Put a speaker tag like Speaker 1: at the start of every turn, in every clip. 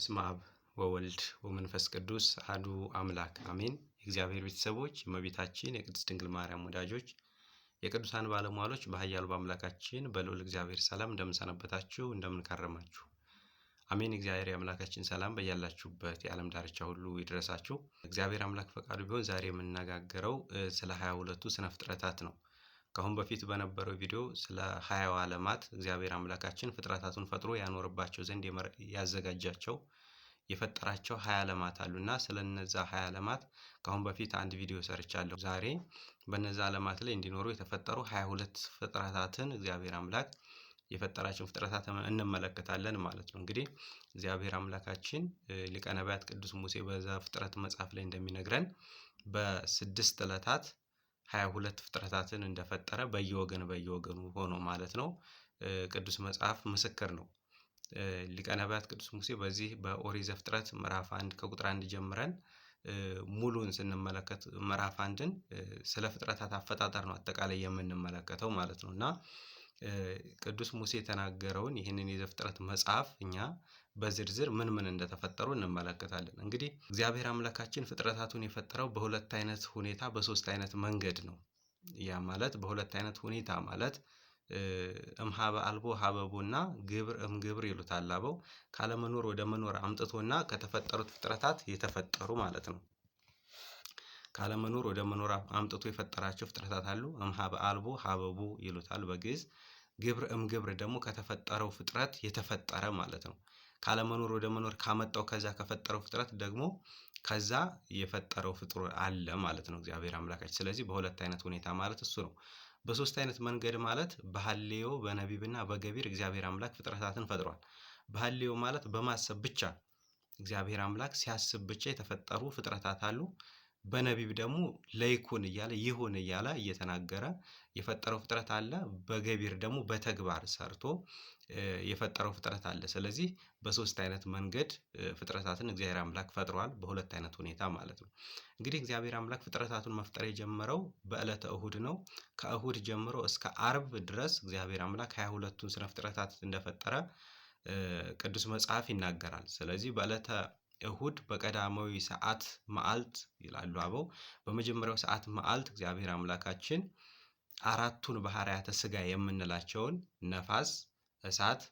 Speaker 1: በስመ አብ ወወልድ ወመንፈስ ቅዱስ አሐዱ አምላክ አሜን። የእግዚአብሔር ቤተሰቦች፣ የእመቤታችን የቅድስት ድንግል ማርያም ወዳጆች፣ የቅዱሳን ባለሟሎች በኃያሉ በአምላካችን በልዑል እግዚአብሔር ሰላም እንደምንሰነበታችሁ እንደምንከረማችሁ አሜን። እግዚአብሔር የአምላካችን ሰላም በያላችሁበት የዓለም ዳርቻ ሁሉ ይድረሳችሁ። እግዚአብሔር አምላክ ፈቃዱ ቢሆን ዛሬ የምንነጋገረው ስለ ሀያ ሁለቱ ስነ ፍጥረታት ነው። ከአሁን በፊት በነበረው ቪዲዮ ስለ ሀያው ዓለማት እግዚአብሔር አምላካችን ፍጥረታቱን ፈጥሮ ያኖርባቸው ዘንድ ያዘጋጃቸው የፈጠራቸው ሀያ ዓለማት አሉና ስለ እነዛ ሀያ ዓለማት ከአሁን በፊት አንድ ቪዲዮ ሰርቻለሁ። ዛሬ በነዛ ዓለማት ላይ እንዲኖሩ የተፈጠሩ ሀያ ሁለት ፍጥረታትን እግዚአብሔር አምላክ የፈጠራቸውን ፍጥረታት እንመለከታለን ማለት ነው። እንግዲህ እግዚአብሔር አምላካችን ሊቀ ነቢያት ቅዱስ ሙሴ በዛ ፍጥረት መጽሐፍ ላይ እንደሚነግረን በስድስት ዕለታት ሀያ ሁለት ፍጥረታትን እንደፈጠረ በየወገን በየወገኑ ሆኖ ማለት ነው ቅዱስ መጽሐፍ ምስክር ነው። ሊቀ ነቢያት ቅዱስ ሙሴ በዚህ በኦሪት ዘፍጥረት ምዕራፍ አንድ ከቁጥር አንድ ጀምረን ሙሉን ስንመለከት ምዕራፍ አንድን ስለ ፍጥረታት አፈጣጠር ነው አጠቃላይ የምንመለከተው ማለት ነው እና ቅዱስ ሙሴ የተናገረውን ይህንን የዘፍጥረት መጽሐፍ እኛ በዝርዝር ምን ምን እንደተፈጠሩ እንመለከታለን። እንግዲህ እግዚአብሔር አምላካችን ፍጥረታቱን የፈጠረው በሁለት አይነት ሁኔታ በሶስት አይነት መንገድ ነው። ያ ማለት በሁለት አይነት ሁኔታ ማለት እምሃበ አልቦ ሀበቦና ግብር እምግብር ይሉታል አበው ካለመኖር ወደ መኖር አምጥቶና ከተፈጠሩት ፍጥረታት የተፈጠሩ ማለት ነው። ካለመኖር ወደ መኖር አምጥቶ የፈጠራቸው ፍጥረታት አሉ። እምሃበ አልቦ ሀበቦ ይሉታል በግዕዝ። ግብር እምግብር ደግሞ ከተፈጠረው ፍጥረት የተፈጠረ ማለት ነው። ካለመኖር ወደ መኖር ካመጣው ከዛ ከፈጠረው ፍጥረት ደግሞ ከዛ የፈጠረው ፍጡር አለ ማለት ነው እግዚአብሔር አምላካችን። ስለዚህ በሁለት አይነት ሁኔታ ማለት እሱ ነው። በሶስት አይነት መንገድ ማለት በሐሌዮ በነቢብና በገቢር እግዚአብሔር አምላክ ፍጥረታትን ፈጥሯል። በሐሌዮ ማለት በማሰብ ብቻ እግዚአብሔር አምላክ ሲያስብ ብቻ የተፈጠሩ ፍጥረታት አሉ። በነቢብ ደግሞ ለይኩን እያለ ይሁን እያለ እየተናገረ የፈጠረው ፍጥረት አለ። በገቢር ደግሞ በተግባር ሰርቶ የፈጠረው ፍጥረት አለ። ስለዚህ በሶስት አይነት መንገድ ፍጥረታትን እግዚአብሔር አምላክ ፈጥሯል፣ በሁለት አይነት ሁኔታ ማለት ነው። እንግዲህ እግዚአብሔር አምላክ ፍጥረታቱን መፍጠር የጀመረው በዕለተ እሁድ ነው። ከእሁድ ጀምሮ እስከ አርብ ድረስ እግዚአብሔር አምላክ ሀያ ሁለቱን ስነ ፍጥረታት እንደፈጠረ ቅዱስ መጽሐፍ ይናገራል። ስለዚህ በዕለተ እሁድ በቀዳማዊ ሰዓት መዓልት ይላሉ አበው። በመጀመሪያው ሰዓት መዓልት እግዚአብሔር አምላካችን አራቱን ባህርያተ ስጋ የምንላቸውን ነፋስ፣ እሳት፣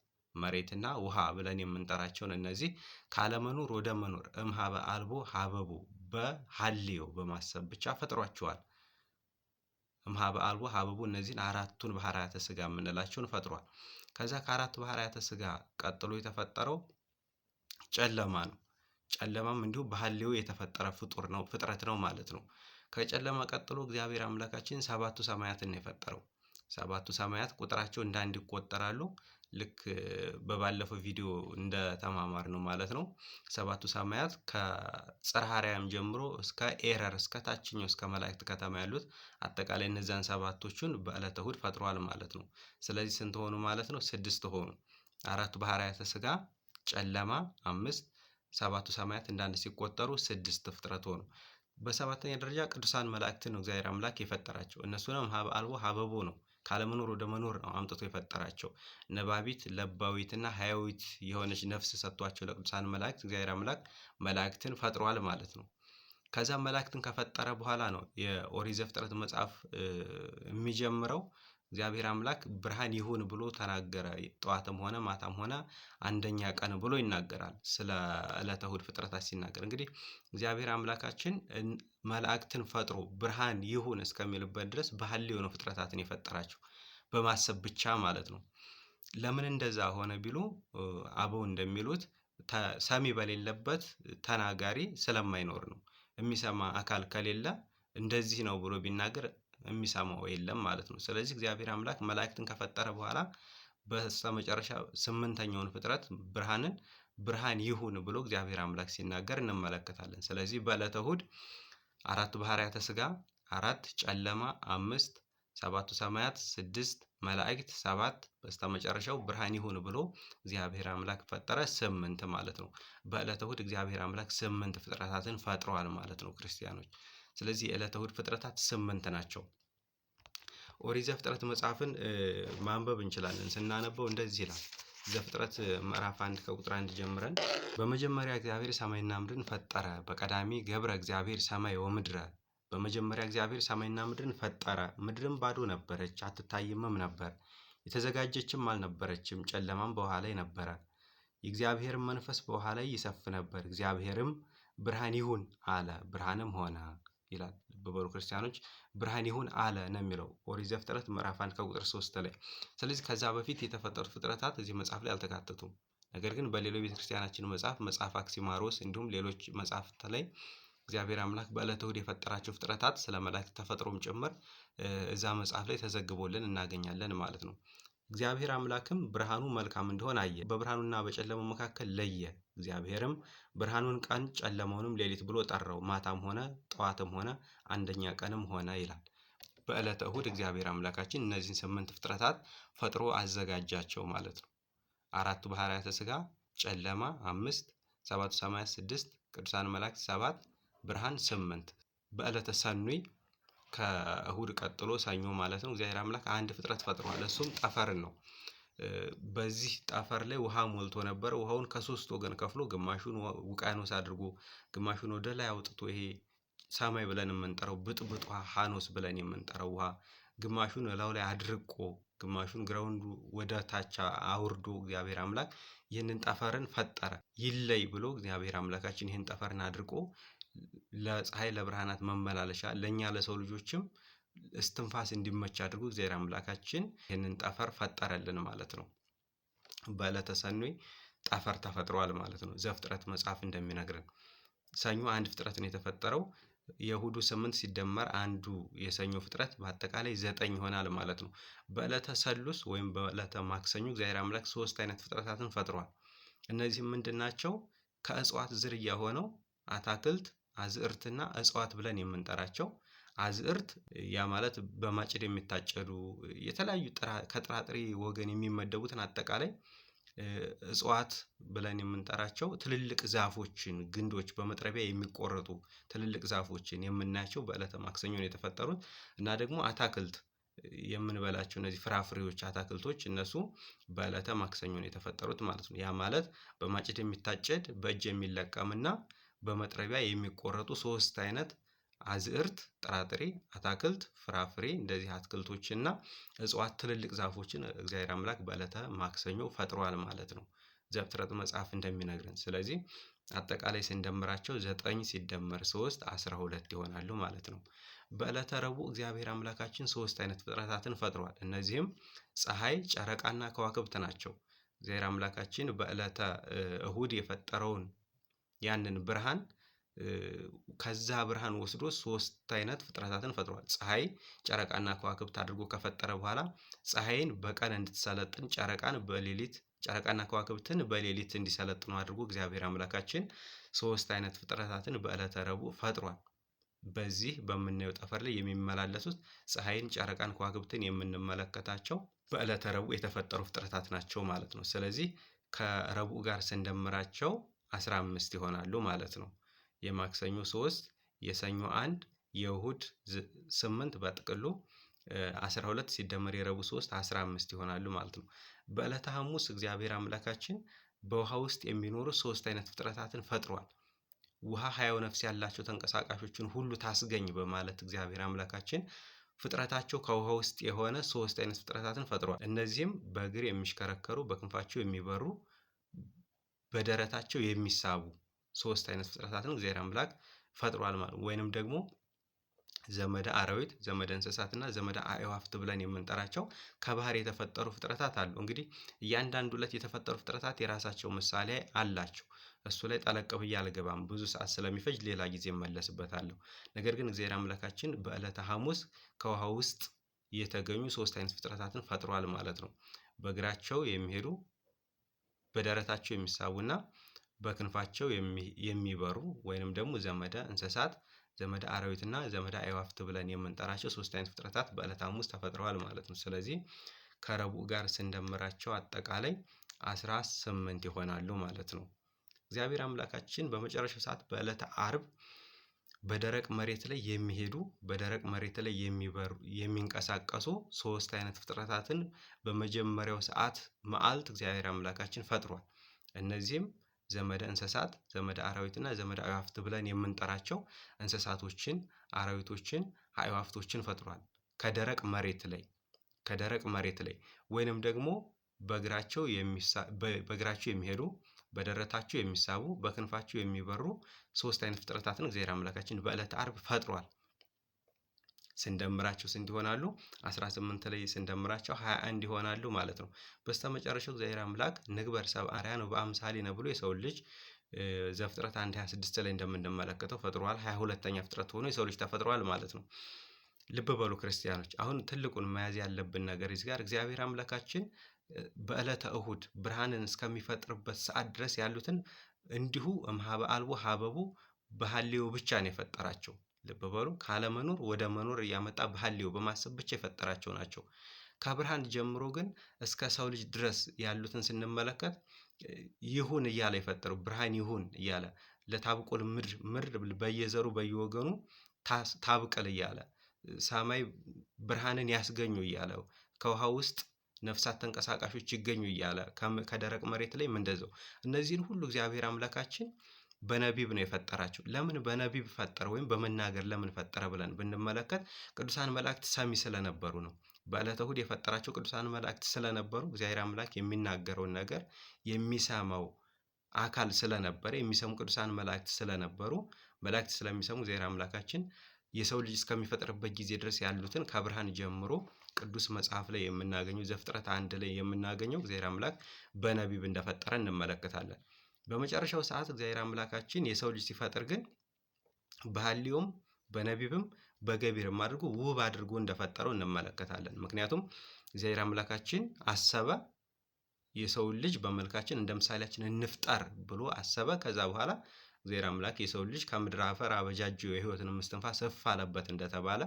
Speaker 1: መሬትና ውሃ ብለን የምንጠራቸውን እነዚህ ካለመኖር ወደ መኖር እምሃበ አልቦ ሀበቡ በሀልዮ በማሰብ ብቻ ፈጥሯቸዋል። እምሃበ አልቦ ሀበቡ እነዚህን አራቱን ባህርያተ ስጋ የምንላቸውን ፈጥሯል። ከዛ ከአራት ባህርያተ ስጋ ቀጥሎ የተፈጠረው ጨለማ ነው። ጨለማም እንዲሁ በሐሌው የተፈጠረ ፍጡር ነው ፍጥረት ነው ማለት ነው። ከጨለማ ቀጥሎ እግዚአብሔር አምላካችን ሰባቱ ሰማያትን ነው የፈጠረው። ሰባቱ ሰማያት ቁጥራቸው እንዳንድ ይቆጠራሉ። ልክ በባለፈው ቪዲዮ እንደተማማር ነው ማለት ነው። ሰባቱ ሰማያት ከጽርሐ አርያም ጀምሮ እስከ ኤረር እስከ ታችኛው እስከ መላእክት ከተማ ያሉት አጠቃላይ እነዚያን ሰባቶቹን በዕለተ እሑድ ፈጥሯል ማለት ነው። ስለዚህ ስንት ሆኑ ማለት ነው? ስድስት ሆኑ። አራቱ ባህርያተ ስጋ ጨለማ አምስት ሰባቱ ሰማያት እንደ አንድ ሲቆጠሩ ስድስት ፍጥረት ሆኑ። በሰባተኛ ደረጃ ቅዱሳን መላእክትን ነው እግዚአብሔር አምላክ የፈጠራቸው። እነሱንም አልቦ ሀበቦ ነው ካለመኖር ወደ መኖር ነው አምጥቶ የፈጠራቸው። ነባቢት ለባዊትና ሀያዊት የሆነች ነፍስ ሰጥቷቸው ለቅዱሳን መላእክት እግዚአብሔር አምላክ መላእክትን ፈጥሯል ማለት ነው። ከዛ መላእክትን ከፈጠረ በኋላ ነው የኦሪት ዘፍጥረት መጽሐፍ የሚጀምረው። እግዚአብሔር አምላክ ብርሃን ይሁን ብሎ ተናገረ። ጠዋትም ሆነ ማታም ሆነ አንደኛ ቀን ብሎ ይናገራል። ስለ ዕለተ እሑድ ፍጥረታት ሲናገር እንግዲህ እግዚአብሔር አምላካችን መላእክትን ፈጥሮ ብርሃን ይሁን እስከሚልበት ድረስ ባህል ነው ፍጥረታትን የፈጠራቸው በማሰብ ብቻ ማለት ነው። ለምን እንደዛ ሆነ ቢሉ አበው እንደሚሉት ሰሚ በሌለበት ተናጋሪ ስለማይኖር ነው። የሚሰማ አካል ከሌለ እንደዚህ ነው ብሎ ቢናገር የሚሰማው የለም ማለት ነው። ስለዚህ እግዚአብሔር አምላክ መላእክትን ከፈጠረ በኋላ በስተመጨረሻ ስምንተኛውን ፍጥረት ብርሃንን ብርሃን ይሁን ብሎ እግዚአብሔር አምላክ ሲናገር እንመለከታለን። ስለዚህ በዕለተ እሑድ አራት ባህርያተ ስጋ፣ አራት ጨለማ፣ አምስት ሰባቱ ሰማያት፣ ስድስት መላእክት፣ ሰባት በስተመጨረሻው ብርሃን ይሁን ብሎ እግዚአብሔር አምላክ ፈጠረ፣ ስምንት ማለት ነው። በዕለተ እሑድ እግዚአብሔር አምላክ ስምንት ፍጥረታትን ፈጥሯል ማለት ነው ክርስቲያኖች ስለዚህ የዕለተ እሑድ ፍጥረታት ስምንት ናቸው። ኦሪት ዘፍጥረት መጽሐፍን ማንበብ እንችላለን። ስናነበው እንደዚህ ይላል። ዘፍጥረት ምዕራፍ አንድ ከቁጥር አንድ ጀምረን በመጀመሪያ እግዚአብሔር ሰማይና ምድርን ፈጠረ፣ በቀዳሚ ገብረ እግዚአብሔር ሰማይ ወምድረ። በመጀመሪያ እግዚአብሔር ሰማይና ምድርን ፈጠረ። ምድርም ባዶ ነበረች፣ አትታይምም ነበር፣ የተዘጋጀችም አልነበረችም። ጨለማም በውሃ ላይ ነበረ፣ የእግዚአብሔርም መንፈስ በውሃ ላይ ይሰፍ ነበር። እግዚአብሔርም ብርሃን ይሁን አለ፣ ብርሃንም ሆነ። ይላል። በበሩ ክርስቲያኖች ብርሃን ይሁን አለ ነው የሚለው ኦሪት ዘፍጥረት ምዕራፍ አንድ ከቁጥር ሶስት ላይ። ስለዚህ ከዛ በፊት የተፈጠሩ ፍጥረታት እዚህ መጽሐፍ ላይ አልተካተቱም። ነገር ግን በሌሎች ቤተክርስቲያናችን መጽሐፍ መጽሐፍ አክሲማሮስ እንዲሁም ሌሎች መጽሐፍት ላይ እግዚአብሔር አምላክ በዕለተ የፈጠራቸው ፍጥረታት ስለ መላእክት ተፈጥሮም ጭምር እዛ መጽሐፍ ላይ ተዘግቦልን እናገኛለን ማለት ነው። እግዚአብሔር አምላክም ብርሃኑ መልካም እንደሆነ አየ፣ በብርሃኑና በጨለማው መካከል ለየ እግዚአብሔርም ብርሃኑን ቀን ጨለማውንም ሌሊት ብሎ ጠራው። ማታም ሆነ ጠዋትም ሆነ አንደኛ ቀንም ሆነ ይላል። በዕለተ እሁድ እግዚአብሔር አምላካችን እነዚህን ስምንት ፍጥረታት ፈጥሮ አዘጋጃቸው ማለት ነው። አራቱ ባህርያተ ስጋ ጨለማ አምስት፣ ሰባቱ ሰማያት ስድስት፣ ቅዱሳን መላእክት ሰባት፣ ብርሃን ስምንት። በዕለተ ሰኑይ ከእሁድ ቀጥሎ ሰኞ ማለት ነው እግዚአብሔር አምላክ አንድ ፍጥረት ፈጥሯል። እሱም ጠፈርን ነው። በዚህ ጠፈር ላይ ውሃ ሞልቶ ነበር። ውሃውን ከሶስት ወገን ከፍሎ ግማሹን ውቃኖስ አድርጎ ግማሹን ወደ ላይ አውጥቶ ይሄ ሰማይ ብለን የምንጠራው ብጥብጥ ውሃ ሃኖስ ብለን የምንጠራው ውሃ ግማሹን እላው ላይ አድርቆ ግማሹን ግራውንዱ ወደ ታች አውርዶ እግዚአብሔር አምላክ ይህንን ጠፈርን ፈጠረ። ይለይ ብሎ እግዚአብሔር አምላካችን ይህን ጠፈርን አድርቆ ለፀሐይ ለብርሃናት መመላለሻ ለእኛ ለሰው ልጆችም እስትንፋስ እንዲመች አድርጎ እግዚአብሔር አምላካችን ይህንን ጠፈር ፈጠረልን ማለት ነው። በዕለተ ሰኞ ጠፈር ተፈጥሯል ማለት ነው። ዘፍጥረት መጽሐፍ እንደሚነግረን ሰኞ አንድ ፍጥረት ነው የተፈጠረው። የእሁዱ ስምንት ሲደመር አንዱ የሰኞ ፍጥረት በአጠቃላይ ዘጠኝ ይሆናል ማለት ነው። በዕለተ ሰሉስ ወይም በዕለተ ማክሰኞ እግዚአብሔር አምላክ ሶስት አይነት ፍጥረታትን ፈጥሯል። እነዚህ ምንድን ናቸው? ከእጽዋት ዝርያ ሆነው አታክልት፣ አዝዕርትና እጽዋት ብለን የምንጠራቸው አዝእርት ያ ማለት በማጭድ የሚታጨዱ የተለያዩ ከጥራጥሬ ወገን የሚመደቡትን አጠቃላይ እጽዋት ብለን የምንጠራቸው ትልልቅ ዛፎችን ግንዶች በመጥረቢያ የሚቆረጡ ትልልቅ ዛፎችን የምናያቸው በዕለተ ማክሰኞ ነው የተፈጠሩት እና ደግሞ አታክልት የምንበላቸው እነዚህ ፍራፍሬዎች፣ አታክልቶች እነሱ በዕለተ ማክሰኞ ነው የተፈጠሩት ማለት ነው። ያ ማለት በማጭድ የሚታጨድ በእጅ የሚለቀምና በመጥረቢያ የሚቆረጡ ሶስት አይነት አዝዕርት፣ ጥራጥሬ፣ አታክልት፣ ፍራፍሬ እንደዚህ አትክልቶችና እጽዋት ትልልቅ ዛፎችን እግዚአብሔር አምላክ በዕለተ ማክሰኞ ፈጥሯል ማለት ነው ዘፍጥረት መጽሐፍ እንደሚነግረን። ስለዚህ አጠቃላይ ስንደምራቸው ዘጠኝ ሲደመር ሶስት አስራ ሁለት ይሆናሉ ማለት ነው። በዕለተ ረቡዕ እግዚአብሔር አምላካችን ሶስት አይነት ፍጥረታትን ፈጥሯል። እነዚህም ፀሐይ፣ ጨረቃና ከዋክብት ናቸው። እግዚአብሔር አምላካችን በዕለተ እሁድ የፈጠረውን ያንን ብርሃን ከዛ ብርሃን ወስዶ ሶስት አይነት ፍጥረታትን ፈጥሯል። ፀሐይ፣ ጨረቃና ከዋክብት አድርጎ ከፈጠረ በኋላ ፀሐይን በቀን እንድትሰለጥን፣ ጨረቃን በሌሊት ጨረቃና ከዋክብትን በሌሊት እንዲሰለጥኑ አድርጎ እግዚአብሔር አምላካችን ሶስት አይነት ፍጥረታትን በዕለተ ረቡዕ ፈጥሯል። በዚህ በምናየው ጠፈር ላይ የሚመላለሱት ፀሐይን፣ ጨረቃን፣ ከዋክብትን የምንመለከታቸው በዕለተ ረቡዕ የተፈጠሩ ፍጥረታት ናቸው ማለት ነው። ስለዚህ ከረቡዕ ጋር ስንደምራቸው አስራ አምስት ይሆናሉ ማለት ነው። የማክሰኞ ሶስት የሰኞ አንድ የእሁድ ስምንት በጥቅሉ 12 ሲደመር የረቡ 3 15 ይሆናሉ ማለት ነው። በዕለተ ሐሙስ እግዚአብሔር አምላካችን በውሃ ውስጥ የሚኖሩ ሶስት አይነት ፍጥረታትን ፈጥሯል። ውሃ ሃያው ነፍስ ያላቸው ተንቀሳቃሾችን ሁሉ ታስገኝ በማለት እግዚአብሔር አምላካችን ፍጥረታቸው ከውሃ ውስጥ የሆነ ሶስት አይነት ፍጥረታትን ፈጥሯል። እነዚህም በእግር የሚሽከረከሩ፣ በክንፋቸው የሚበሩ፣ በደረታቸው የሚሳቡ ሶስት አይነት ፍጥረታትን እግዚአብሔር አምላክ ፈጥሯል ማለት ወይንም ደግሞ ዘመደ አራዊት፣ ዘመደ እንስሳትና ዘመደ አእዋፍት ብለን የምንጠራቸው ከባህር የተፈጠሩ ፍጥረታት አሉ። እንግዲህ እያንዳንዱ ዕለት የተፈጠሩ ፍጥረታት የራሳቸው ምሳሌ አላቸው። እሱ ላይ ጠለቅ ብዬ አልገባም፣ ብዙ ሰዓት ስለሚፈጅ ሌላ ጊዜ መለስበታለሁ። ነገር ግን እግዚአብሔር አምላካችን በዕለተ ሐሙስ ከውሃ ውስጥ የተገኙ ሶስት አይነት ፍጥረታትን ፈጥሯል ማለት ነው። በእግራቸው የሚሄዱ በደረታቸው የሚሳቡና በክንፋቸው የሚበሩ ወይንም ደግሞ ዘመደ እንስሳት ዘመደ አራዊትና ዘመደ አይዋፍት ብለን የምንጠራቸው ሶስት አይነት ፍጥረታት በዕለተ ሐሙስ ተፈጥረዋል ማለት ነው። ስለዚህ ከረቡዕ ጋር ስንደምራቸው አጠቃላይ አስራ ስምንት ይሆናሉ ማለት ነው። እግዚአብሔር አምላካችን በመጨረሻው ሰዓት በዕለተ አርብ በደረቅ መሬት ላይ የሚሄዱ በደረቅ መሬት ላይ የሚበሩ የሚንቀሳቀሱ ሶስት አይነት ፍጥረታትን በመጀመሪያው ሰዓት መዓልት እግዚአብሔር አምላካችን ፈጥሯል። እነዚህም ዘመደ እንስሳት፣ ዘመደ አራዊትና ዘመደ አዕዋፍት ብለን የምንጠራቸው እንስሳቶችን፣ አራዊቶችን፣ አዕዋፍቶችን ፈጥሯል። ከደረቅ መሬት ላይ ከደረቅ መሬት ላይ ወይንም ደግሞ በእግራቸው በእግራቸው የሚሄዱ በደረታቸው የሚሳቡ በክንፋቸው የሚበሩ ሶስት አይነት ፍጥረታትን እግዚአብሔር አምላካችን በዕለተ ዓርብ ፈጥሯል። ስንደምራቸው ስንት ይሆናሉ? 18 ላይ ስንደምራቸው 21 ይሆናሉ ማለት ነው። በስተመጨረሻው እግዚአብሔር አምላክ ንግበር ነው ሰብአርያነ ነው ብሎ የሰው ልጅ ዘፍጥረት 1 26 ላይ እንደምንመለከተው ፈጥሯል። 22ኛ ፍጥረት ሆኖ የሰው ልጅ ተፈጥሯል ማለት ነው። ልብ በሉ ክርስቲያኖች፣ አሁን ትልቁን መያዝ ያለብን ነገር እዚህ ጋር እግዚአብሔር አምላካችን በዕለተ እሁድ ብርሃንን እስከሚፈጥርበት ሰዓት ድረስ ያሉትን እንዲሁ እምኀበ አልቦ ኀበቡ በሐሌው ብቻ ነው የፈጠራቸው። ልብ በሉ ካለመኖር ወደ መኖር እያመጣ በሐልዮ በማሰብ ብቻ የፈጠራቸው ናቸው። ከብርሃን ጀምሮ ግን እስከ ሰው ልጅ ድረስ ያሉትን ስንመለከት ይሁን እያለ የፈጠረው ብርሃን ይሁን እያለ ለታብቆል ምድር ምድር በየዘሩ በየወገኑ ታብቀል እያለ ሰማይ ብርሃንን ያስገኙ እያለ ከውሃ ውስጥ ነፍሳት ተንቀሳቃሾች ይገኙ እያለ ከደረቅ መሬት ላይ እንደዛው እነዚህን ሁሉ እግዚአብሔር አምላካችን በነቢብ ነው የፈጠራቸው። ለምን በነቢብ ፈጠረ ወይም በመናገር ለምን ፈጠረ ብለን ብንመለከት ቅዱሳን መላእክት ሰሚ ስለነበሩ ነው። በዕለተ እሑድ የፈጠራቸው ቅዱሳን መላእክት ስለነበሩ እግዚአብሔር አምላክ የሚናገረውን ነገር የሚሰማው አካል ስለነበረ የሚሰሙ ቅዱሳን መላእክት ስለነበሩ መላእክት ስለሚሰሙ እግዚአብሔር አምላካችን የሰው ልጅ እስከሚፈጥርበት ጊዜ ድረስ ያሉትን ከብርሃን ጀምሮ ቅዱስ መጽሐፍ ላይ የምናገኘው ዘፍጥረት አንድ ላይ የምናገኘው እግዚአብሔር አምላክ በነቢብ እንደፈጠረ እንመለከታለን። በመጨረሻው ሰዓት እግዚአብሔር አምላካችን የሰው ልጅ ሲፈጥር ግን በሐልዮም በነቢብም በገቢርም አድርጎ ውብ አድርጎ እንደፈጠረው እንመለከታለን። ምክንያቱም እግዚአብሔር አምላካችን አሰበ የሰውን ልጅ በመልካችን እንደ ምሳሌያችን እንፍጠር ብሎ አሰበ። ከዛ በኋላ እግዚአብሔር አምላክ የሰው ልጅ ከምድር አፈር አበጃጁ የህይወትን ምስትንፋስ እፍ አለበት እንደተባለ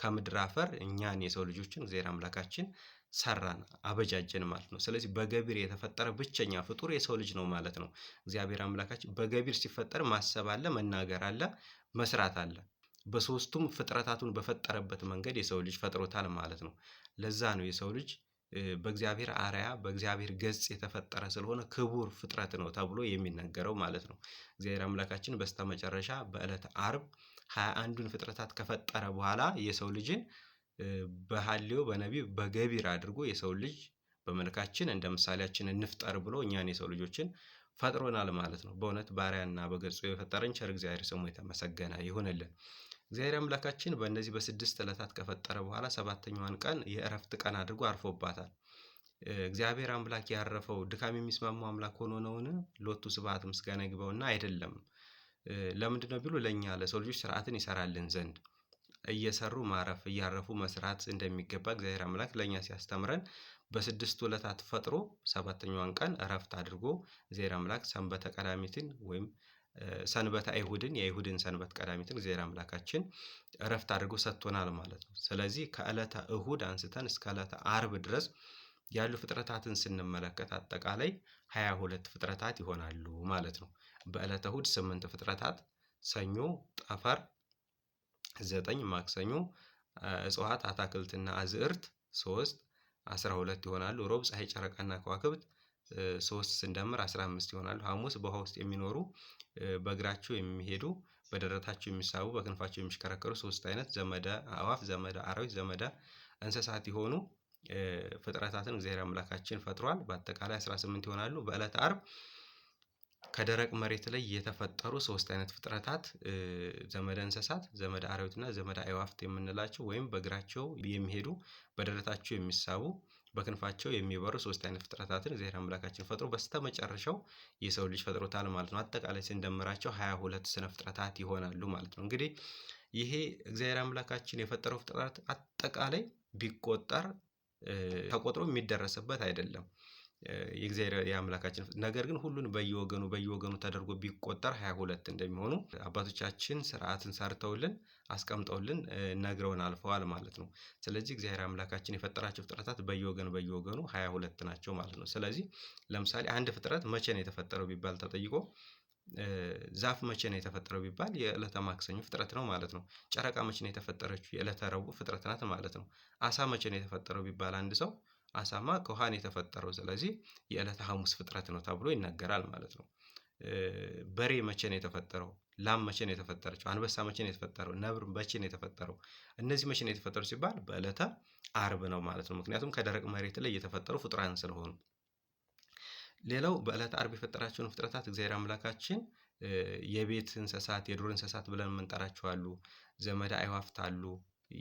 Speaker 1: ከምድር አፈር እኛን የሰው ልጆችን እግዚአብሔር አምላካችን ሰራን አበጃጀን ማለት ነው። ስለዚህ በገቢር የተፈጠረ ብቸኛ ፍጡር የሰው ልጅ ነው ማለት ነው። እግዚአብሔር አምላካችን በገቢር ሲፈጠር ማሰብ አለ፣ መናገር አለ፣ መስራት አለ። በሶስቱም ፍጥረታቱን በፈጠረበት መንገድ የሰው ልጅ ፈጥሮታል ማለት ነው። ለዛ ነው የሰው ልጅ በእግዚአብሔር አርያ በእግዚአብሔር ገጽ የተፈጠረ ስለሆነ ክቡር ፍጥረት ነው ተብሎ የሚነገረው ማለት ነው። እግዚአብሔር አምላካችን በስተመጨረሻ በዕለተ አርብ ሀያ አንዱን ፍጥረታት ከፈጠረ በኋላ የሰው ልጅን በሐሌው በነቢብ በገቢር አድርጎ የሰው ልጅ በመልካችን እንደ ምሳሌያችን እንፍጠር ብሎ እኛን የሰው ልጆችን ፈጥሮናል ማለት ነው። በእውነት ባሪያና በገጹ የፈጠረን ቸር እግዚአብሔር ስሙ የተመሰገነ ይሁንልን። እግዚአብሔር አምላካችን በእነዚህ በስድስት ዕለታት ከፈጠረ በኋላ ሰባተኛዋን ቀን የእረፍት ቀን አድርጎ አርፎባታል። እግዚአብሔር አምላክ ያረፈው ድካም የሚስማማው አምላክ ሆኖ ነውን? ሎቱ ስብሐት ምስጋና ይግባውና አይደለም። ለምንድን ነው ቢሉ ለእኛ ለሰው ልጆች ስርዓትን ይሰራልን ዘንድ እየሰሩ ማረፍ እያረፉ መስራት እንደሚገባ እግዚአብሔር አምላክ ለእኛ ሲያስተምረን በስድስት ዕለታት ፈጥሮ ሰባተኛዋን ቀን እረፍት አድርጎ እግዚአብሔር አምላክ ሰንበተ ቀዳሚትን ወይም ሰንበት አይሁድን የአይሁድን ሰንበት ቀዳሚትን እግዚአብሔር አምላካችን እረፍት አድርጎ ሰጥቶናል ማለት ነው። ስለዚህ ከዕለተ እሁድ አንስተን እስከ ዕለተ አርብ ድረስ ያሉ ፍጥረታትን ስንመለከት አጠቃላይ ሀያ ሁለት ፍጥረታት ይሆናሉ ማለት ነው። በዕለተ እሁድ ስምንት ፍጥረታት ሰኞ፣ ጠፈር ዘጠኝ፣ ማክሰኞ እጽዋት አታክልትና አዝዕርት ሶስት አስራ ሁለት ይሆናሉ። ሮብ ፀሐይ፣ ጨረቃና ከዋክብት ሶስት ስንደምር አስራ አምስት ይሆናሉ። ሐሙስ በውሃ ውስጥ የሚኖሩ በእግራቸው የሚሄዱ በደረታቸው የሚሳቡ በክንፋቸው የሚሽከረከሩ ሶስት አይነት ዘመደ አዋፍ፣ ዘመደ አራዊት፣ ዘመደ እንስሳት የሆኑ ፍጥረታትን እግዚአብሔር አምላካችን ፈጥሯል። በአጠቃላይ 18 ይሆናሉ። በእለት አርብ ከደረቅ መሬት ላይ የተፈጠሩ ሶስት አይነት ፍጥረታት ዘመደ እንስሳት፣ ዘመደ አራዊትና ዘመደ አዕዋፍት የምንላቸው ወይም በእግራቸው የሚሄዱ በደረታቸው የሚሳቡ በክንፋቸው የሚበሩ ሶስት አይነት ፍጥረታትን እግዚአብሔር አምላካችን ፈጥሮ በስተመጨረሻው የሰው ልጅ ፈጥሮታል ማለት ነው። አጠቃላይ ስንደምራቸው ሀያ ሁለት ስነ ፍጥረታት ይሆናሉ ማለት ነው። እንግዲህ ይሄ እግዚአብሔር አምላካችን የፈጠረው ፍጥረት አጠቃላይ ቢቆጠር ተቆጥሮ የሚደረስበት አይደለም። የእግዚአብሔር የአምላካችን ነገር ግን ሁሉን በየወገኑ በየወገኑ ተደርጎ ቢቆጠር ሀያ ሁለት እንደሚሆኑ አባቶቻችን ስርዓትን ሰርተውልን አስቀምጠውልን ነግረውን አልፈዋል ማለት ነው። ስለዚህ እግዚአብሔር አምላካችን የፈጠራቸው ፍጥረታት በየወገኑ በየወገኑ ሀያ ሁለት ናቸው ማለት ነው። ስለዚህ ለምሳሌ አንድ ፍጥረት መቼ ነው የተፈጠረው ቢባል ተጠይቆ ዛፍ መቼ ነው የተፈጠረው ቢባል የዕለተ ማክሰኞ ፍጥረት ነው ማለት ነው። ጨረቃ መቼ ነው የተፈጠረችው? የዕለተ ረቡዕ ፍጥረት ናት ማለት ነው። አሳ መቼ ነው የተፈጠረው ቢባል አንድ ሰው አሳማ ከውሃ ነው የተፈጠረው። ስለዚህ የዕለተ ሐሙስ ፍጥረት ነው ተብሎ ይነገራል ማለት ነው። በሬ መቼ ነው የተፈጠረው? ላም መቼ ነው የተፈጠረችው? አንበሳ መቼ ነው የተፈጠረው? ነብር መቼ ነው የተፈጠረው? እነዚህ መቼ ነው የተፈጠሩ ሲባል በዕለተ አርብ ነው ማለት ነው። ምክንያቱም ከደረቅ መሬት ላይ የተፈጠሩ ፍጡራን ስለሆኑ። ሌላው በዕለተ አርብ የፈጠራቸውን ፍጥረታት እግዚአብሔር አምላካችን የቤት እንስሳት፣ የዱር እንስሳት ብለን የምንጠራቸው አሉ። ዘመድ አይዋፍት አሉ።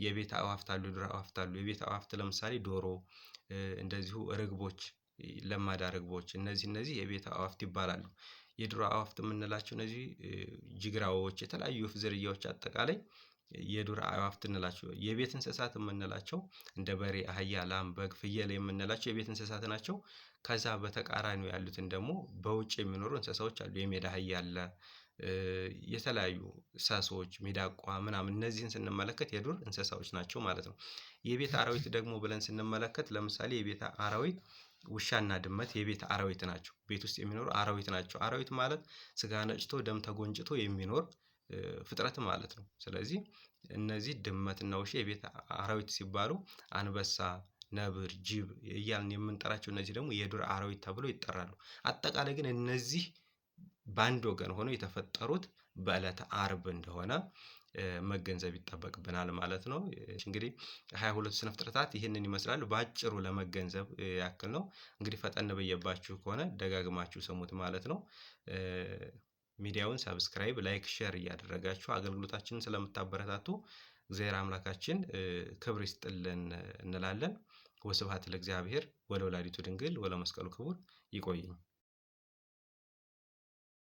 Speaker 1: የቤት አዋፍት አሉ፣ የዱር አዋፍት አሉ። የቤት አዋፍት ለምሳሌ ዶሮ፣ እንደዚሁ ርግቦች፣ ለማዳ ርግቦች እነዚህ እነዚህ የቤት አዋፍት ይባላሉ። የዱር አዋፍት የምንላቸው እነዚህ ጅግራዎች፣ የተለያዩ ወፍ ዝርያዎች አጠቃላይ የዱር አዋፍት እንላቸው። የቤት እንስሳት የምንላቸው እንደ በሬ፣ አህያ፣ ላም፣ በግ፣ ፍየል የምንላቸው የቤት እንስሳት ናቸው። ከዛ በተቃራኒው ያሉትን ደግሞ በውጭ የሚኖሩ እንስሳዎች አሉ። የሜዳ አህያ አለ የተለያዩ ሰሶች፣ ሚዳቋ ምናምን እነዚህን ስንመለከት የዱር እንስሳዎች ናቸው ማለት ነው። የቤት አራዊት ደግሞ ብለን ስንመለከት ለምሳሌ የቤት አራዊት ውሻና ድመት የቤት አራዊት ናቸው። ቤት ውስጥ የሚኖሩ አራዊት ናቸው። አራዊት ማለት ስጋ ነጭቶ ደም ተጎንጭቶ የሚኖር ፍጥረት ማለት ነው። ስለዚህ እነዚህ ድመትና ውሻ የቤት አራዊት ሲባሉ አንበሳ ነብር፣ ጅብ እያልን የምንጠራቸው እነዚህ ደግሞ የዱር አራዊት ተብሎ ይጠራሉ። አጠቃላይ ግን እነዚህ በአንድ ወገን ሆነው የተፈጠሩት በዕለተ አርብ እንደሆነ መገንዘብ ይጠበቅብናል ማለት ነው። እንግዲህ ሀያ ሁለቱ ስነ ፍጥረታት ይህንን ይመስላሉ በአጭሩ ለመገንዘብ ያክል ነው። እንግዲህ ፈጠን ብዬባችሁ ከሆነ ደጋግማችሁ ስሙት ማለት ነው። ሚዲያውን ሰብስክራይብ፣ ላይክ፣ ሼር እያደረጋችሁ አገልግሎታችንን ስለምታበረታቱ እግዚአብሔር አምላካችን ክብር ይስጥልን እንላለን። ወስብሐት ለእግዚአብሔር ወለወላዲቱ ድንግል ወለመስቀሉ ክቡር። ይቆየኝ።